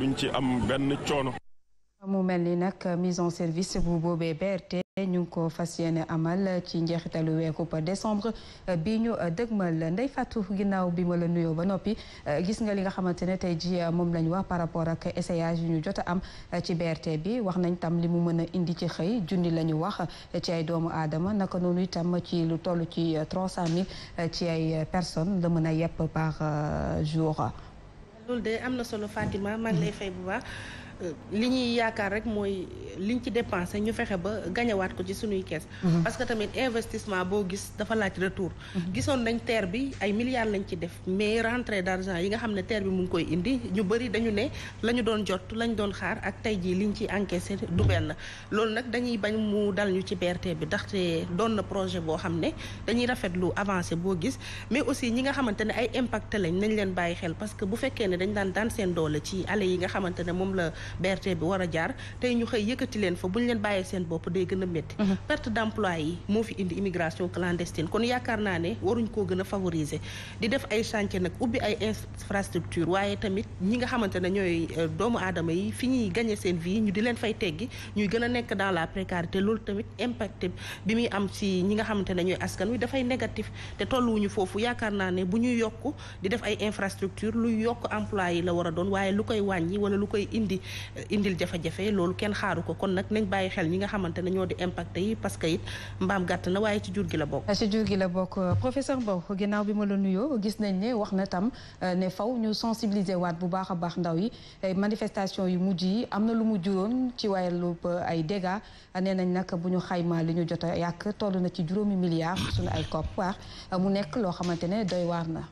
duñ mu mel ni nag mise en service bu boobee BRT ñu ngi ko fas yéene amal ci njeexitalu weeku ba décembre bi ñu dëgmal Ndeye Fatou ginnaaw bi ma la nuyoo ba noppi gis nga li nga xamante ne tey ji moom lañu wax par rapport ak essayage yu ñu jot am ci BRT bi wax nañ tam li mu mën a indi ci xëy junni la ñu wax ci ay doomu aadama naka noonu itam ci lu toll ci trois cent mille ci ay personnes la mën a yepp par euh, jour. loolu de am na solo Fatima maa ngi lay fay bu baax. li ñuy yaakaar rek mooy li ñu ci dépensé ñu fexe ba gañewaat ko ci suñuy kees. Mhm. parce que tamit investissement boo gis dafa laaj retour. Mhm. gisoon nañ terre bi ay milliards lañ ci def mais rentre d' argent yi nga xam ne terre bi mu ngi koy indi ñu bëri dañu ne la ñu doon jot lañ doon xaar ak tey jii liñ ci encaissé du benn. loolu nag dañuy bañ mu dal ñu ci BRT bi ndaxte doon na projet boo xam ne dañuy rafetlu avancé boo gis mais aussi ñi nga xamante ne ay impact lañ nañ leen bàyyi xel parce que bu fekkee ne dañ daan daan seen doole ci allées yi nga xamante ne moom la. BRT bi war a jaar tey ñu xëy yëkkati leen fa bu ñu leen bàyyee seen bopp day gën a métti mhm. perte d' emploi yi moo fi indi immigration clandestine kon yaakaar naa ne waruñ koo gën a favoriser di def ay chantier nag ubbi ay infrastructure waaye tamit ñi nga xamante ne ñooy euh, doomu aadama yi fi ñuy gagné seen vie ñu di leen fay teggi ñuy gën a nekk dans la précarité loolu tamit impact bi muy am ci ñi nga xamante ne ñooy askan wi dafay négatif te tolluwuñu foofu yaakaar naa ne bu ñu yokk di def ay infrastructure lu yokk emploi yi la war a doon waaye lu koy wàññi wala lu koy indi indil jafe-jafe loolu kenn xaaru ko kon nag nañ bàyyi xel ñi nga xamante ne ñoo di impact yi parce que it mbaam gàtt na waaye ci jur gi la bokk. ci jur gi la bokk professeur Mbow ginnaaw bi ma la nuyoo gis nañ ne wax na tam euh, ne faw ñu sensibiliser waat bu baax a baax ndaw yi manifestation yu mujj yi am na lu mu juróom ci wàllu euh, ay dégâts nee nañ nag bu ñu xaymaa li ñu jot a yàq toll na ci juróomi milliards suñu ay koppar mu nekk loo xamante ne doy waar na.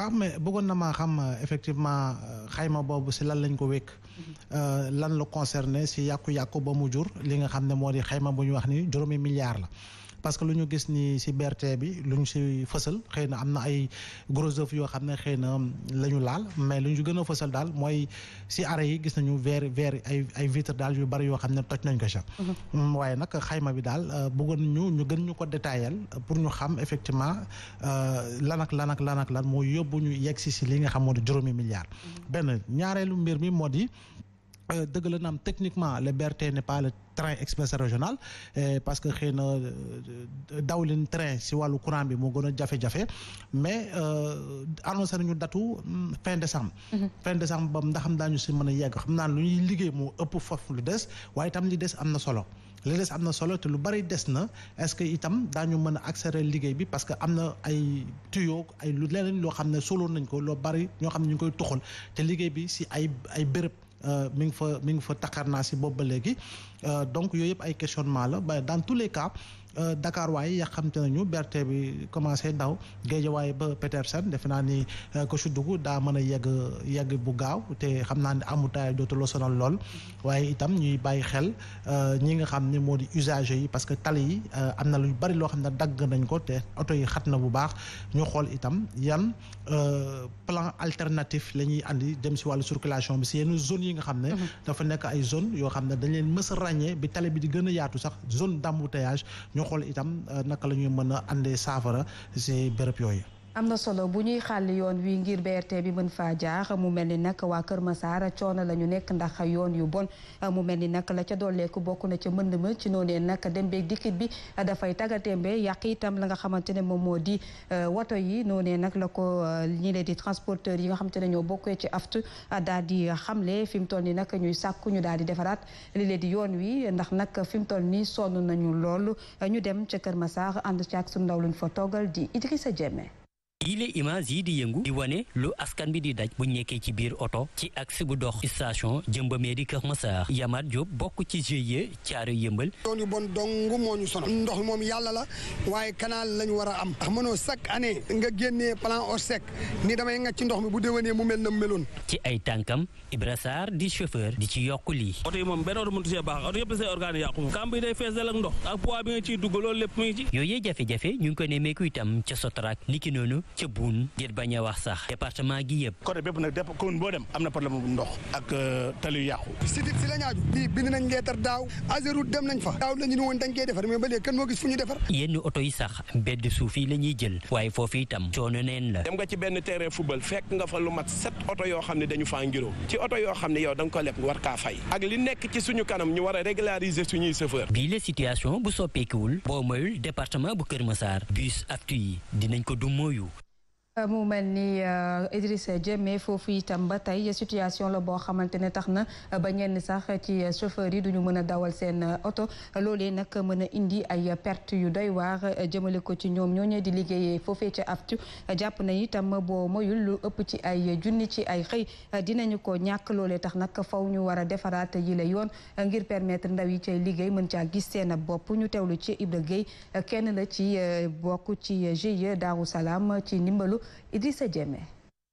waaw mais bëggoon na maa xam euh, effectivement euh, xayma boobu si lan lañ ko wékk mhm. euh, lan la concerné si yàqu-yàqu ba mu jur li nga xam ne moo di xayma bu ñu wax ni juróomi milliards la parce que lu ñu gis nii si BRT bi lu ñu si fësal xëy na am na ay gros yoo xam ne xëy na la ñu laal mais lu ñu gën a fësal daal mooy si arrêt yi gis nañu verre verre ay ay vitre daal yu bari yoo xam ne toj nañ ko ca mhm. waaye nag xayma bi daal euh, bëggoon ñu ñu gën ñu ko détaillé pour ñu xam effectivement euh, lan ak lan ak lan ak lan moo yóbbu ñu yegg si si li nga xam moo di juróomi milliards mhm. benn ñaareelu mbir mi moo di Euh, dëgg la naam techniquement le BRT n'est pas le train express régional euh, parce que xëy na euh, dawlin train si wàllu courant bi moo gën jafe-jafe mais annoncé nañu datu mm, fin décembre mhm. fin décembre ba ndax xam daañu si mën a yegg xam naa lu ñuy liggéey moo ëpp foofu lu des waaye itam des am na solo li des am na solo te lu bari des na est-ce que itam daañu mën a accélérer liggéey bi parce que am na ay tuyaux ay lu leneen loo xam ne soloon nañ ko loo bari ñoo xam ne ñu koy tuxal te liggéey bi si ay ay béréb Euh, mi ngi fa mi ngi fa taxaar naa si boobu ba léegi euh, donc yooyu yëpp ay questionnement la ba dans tous les cas Euh, Dakar waaye yàqamte nañu berte bi commencé daw waaye ba Petersen defe naa ni ko euh, su dugg daa mën a yegg yegg bu gaaw te xam naa ne amutaay dootuloo sonal lool waaye itam ñuy bàyyi xel euh, ñi nga xam ne moo di usagers yi parce que tali yi am na lu bari loo xam ne dagg nañ ko te oto yi xat na bu baax ñu xool itam yan plan alternatif la ñuy andi dem si wàllu circulation bi si yenn zone yi nga xam ne mhm. dafa nekk ay zone yoo xam ne dañ leen mës a ràññee bi tali bi di gën a yaatu sax zone d'embouteillage ñu xool itam euh, naka la ñuy mën a àndee saafara si béréb yooyu. am na solo bu ñuy xàll yoon wi ngir BRT bi mën faa jaax mu mel ni nag waa Kër ma saara coono la ñu nekk ndax yoon yu bon mu mel ni nag la ca dolleeku bokk na ca mënd ma ci noonee nag dem beeg bi dafay tagatémbe yàq itam la nga xamante ne moom moo di euh, woto yi noonee nag la ko euh, ñi leen di transporteur yi nga xamante ne ñoo bokkee ci aftu daal di xamle fi mu toll ni nag ñuy sàkku ñu daal di defaraat li leen di yoon wi ndax nag fi mu toll ni sonn nañu loolu ñu dem ca Kër ma Massar ànd ci ak suñu ndaw luñ fa toogal di Idrissa Diémé yile image yi di yëngu di wane lu askan bi di daj bu nekkee ci biir oto ci axe bu dox station jëmbamee di Kër ma Massar Yamaat Diop bokk ci GIE caaro yëmbal yoon yu bon dong moo ñu sonal ndox moom yàlla la waaye canal lañu war a am ndax mënoo chaque année nga génnee plan ORSEC ni damay nga ci ndox mi bu déwénee mu mel na meloon ci ay tànkam Ibra Sarr di chauffeur di ci yokk lii oto yi moom benn oto mënut see baax oto yëpp say organe yàqu kam ndox ak poids bi nga ciy lépp mu ngi ci ñu ngi ko ne meeku itam ca Sotrac niki noonu ca buun ngir bañ a wax sax département gi yëpp côté bépp nag dépp commune boo dem am na problème bu ndox ak euh, tali yu yàqu si dib si la ñaaju bii bind nañ leetar daaw azéroute dem nañ fa daaw la ñu ne woon dañ koy defar mais ba léegi kenn moo gis fu ñu defar yenn oto yi sax mbedd suuf yi la ñuy jël waaye foofu itam coono neen la dem nga ci benn terrain football fekk nga fa lu mat sept oto yoo xam ne dañu faa ngiroo ci oto yoo xam ne yow da nga ko leb war kaa fay ak li nekk ci suñu kanam ñu war a régulariser suñuy chauffeur bii la situation bu soppeekuwul boo moyul département bu Kër Massar bus aftu yi dinañ ko du mooyu Euh, mu mel ni euh, Idrissa Diémé foofu itam ba tey situation la boo xamante ne tax na ba ñenn sax ci chauffeur yi duñu mën a dawal seen euh, oto loolee nag mën a indi ay perte yu doy waar jëmale ko ci ñoom ñooñee di liggéeyee foofee ca aftu jàpp na itam boo moyul lu ëpp ci ay junni ci ay xëy dinañu ko ñàkk loole tax nag faw ñu war a defaraat yi la yoon ngir permettre ndaw yi cay liggéey mën caa gis seen bopp ñu teewlu ci Ibra Gueye kenn la ci bokk ci GIE Daaru Salaam ci ndimbalu Idrissa Diémé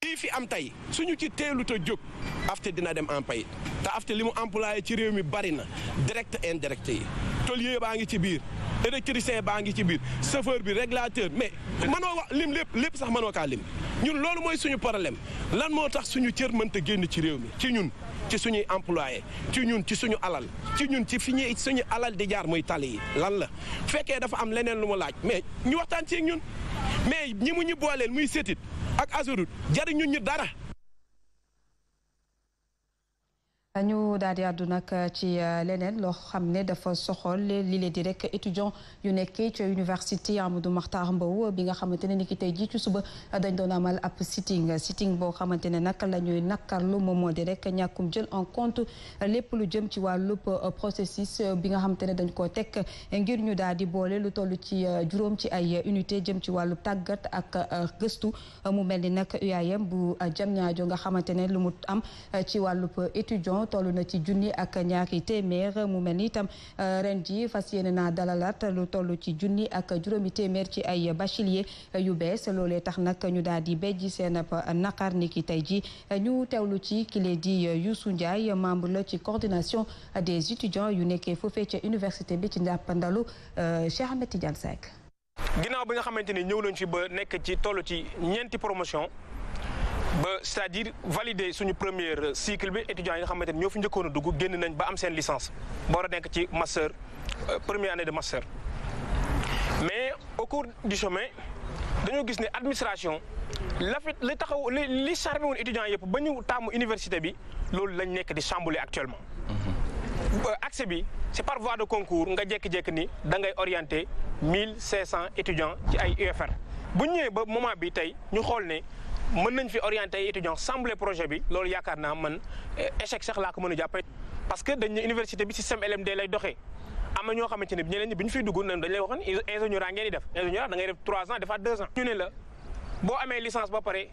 lii fi am tey suñu ci teelut te jóg afte dina dem en payit te afte li mu employé ci réew mi bari na direct indirect yi tôlier baa ngi ci biir électricien baa ngi ci biir chauffeur bi régulateur mais mënoo wax lim lépp lépp sax mënoo kaa lim ñun loolu mooy suñu problème lan moo tax suñu cër mënta génn ci réew mi ci ñun ci suñuy employé ci ñun ci suñu alal ci ñun ci fi ñuy suñu alal di jaar muy tali yi lan la fekkee dafa am leneen lu mu laaj mais ñu waxtaan mais ñi mu ñu booleel muy sétit ak azurut jariñu ñu dara ñu daal di àddu nag euh, ci euh, leneen loo xam ne dafa soxol lile di rek étudiant yu nekkee ci université du Mahtar Mbow bi nga xamante ne niki tey jii ci suba dañ doon amal ab sitting sitting boo xamante ne nak la ñuy nakkarlu moom moo di rek ñàkkum jël en compte lépp lu jëm ci wàllub euh, processus bi nga xamante ne dañ koo teg ngir ñu daal di boole lu toll ci juróom ci ay unité jëm ci wàllu tàggat ak gëstu mu mel ni nag UAM bu Diamniadio nga xamante ne lu mu am ci wàllub étudiant toll na ci junni ak ñaari téeméer mu mel ni itam euh, ren ji fas yéene naa dalalaat lu toll ci junni ak juróomi téeméer ci ay bachelier yu bees loolee tax nag ñu daal di béjji seen naqar ni ki tey ji ñu teewlu ci kile di euh, Youssou Ndiaye membre la ci coordination des étudiants yu nekkee foofee ca université bi ci njàppandalu euh, Cheikh Ahmed Tidiane Seck ginnaaw bi nga xamante ni ñëw nañ fi ba nekk ci toll ci ñeenti promotion ba c'est-à-dire valider suñu première cycle bi étudiants yi nga xamante ni ñoo fi njëkkoon a dugg génn nañ ba am seen licence ba war a nekk ci master euh, premier année de master. mais au cours du chemin dañoo gis ne administration la fi li taxaw li li charmé woon étudiants yëpp ba ñu taamu université bi loolu lañ nekk di chambouler actuellement. Mhm. accès bi c'est par voie de concours nga jékki-jékki ni da ngay orienter mille cinq cents étudiants ci ay UFR bu ñëwee ba moment bi tey ñu xool ne. mën nañ fi orienté ay étudiants semblé projet bi loolu yaakaar naa man eh, échec sax laa ko mën a jàppee parce que dañ ne université bi système LMD lay doxee am na ñoo xamante ne ñeneen ñi bi ñu fiy dugg dañ lay waxoon ingénieur ngeen di def ingénieur da ngay def 3 ans defaat 2 ans. ñu ne la boo amee licence ba pare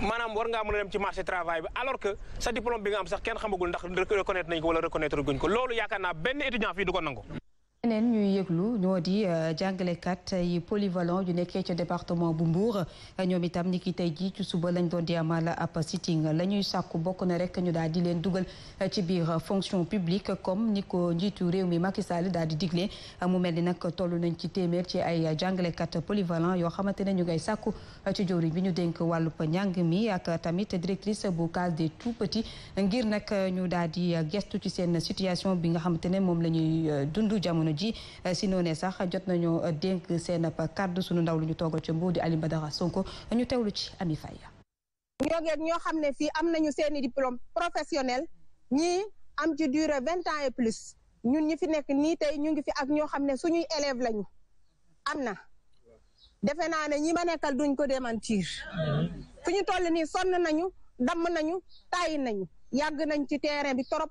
maanaam war ngaa mën a dem ci marché travail bi alors que sa diplôme bi nga am sax kenn xamagul ndax reconnaître nañ ko wala reconnaître guñ ko loolu ñeneen ñuy yëglu ñoo di euh, jàngalekat yi polyvalent yu nekkee ca département bu Mbour ñoom itam ni ki tey jii ci suba lañ doon di amal ab sitting la ñuy sàkku bokk na rek ñu daal di leen dugal ci biir fonction publique comme ni ko njiitu réew mi Macky Sall daal di digle mu mel ni nag toll nañ ci téeméer ci ay jàngalekat polyvalent yoo xamante ne ñu ngay sàkku ci jawriñ bi ñu dénk wàllub njàng mi ak tamit directrice bu case des tout petits ngir nag ñu daal di gestu ci seen situation bi nga xamante ne moom la ñuy euh, ji eh, si noonee sax jot nañu eh, dénk seen kàddu suñu ndaw lu ñu toogal ci Mbuur di Aliou Badara Sonko ñu tew teewlu ci Ami Faye ñoo ngeeg ñoo xam ne fii am nañu seeni diplôme professionnel ñii am ci durée vingt ans et plus ñun ñi fi nekk nii tey ñu ngi fi ak ñoo xam ne suñuy élève lañu am na defe naa ne ñi ma nekkal duñ ko démentir fu ñu toll nii sonn nañu damm nañu tàyyi nañu yàgg nañ ci terrain bi torop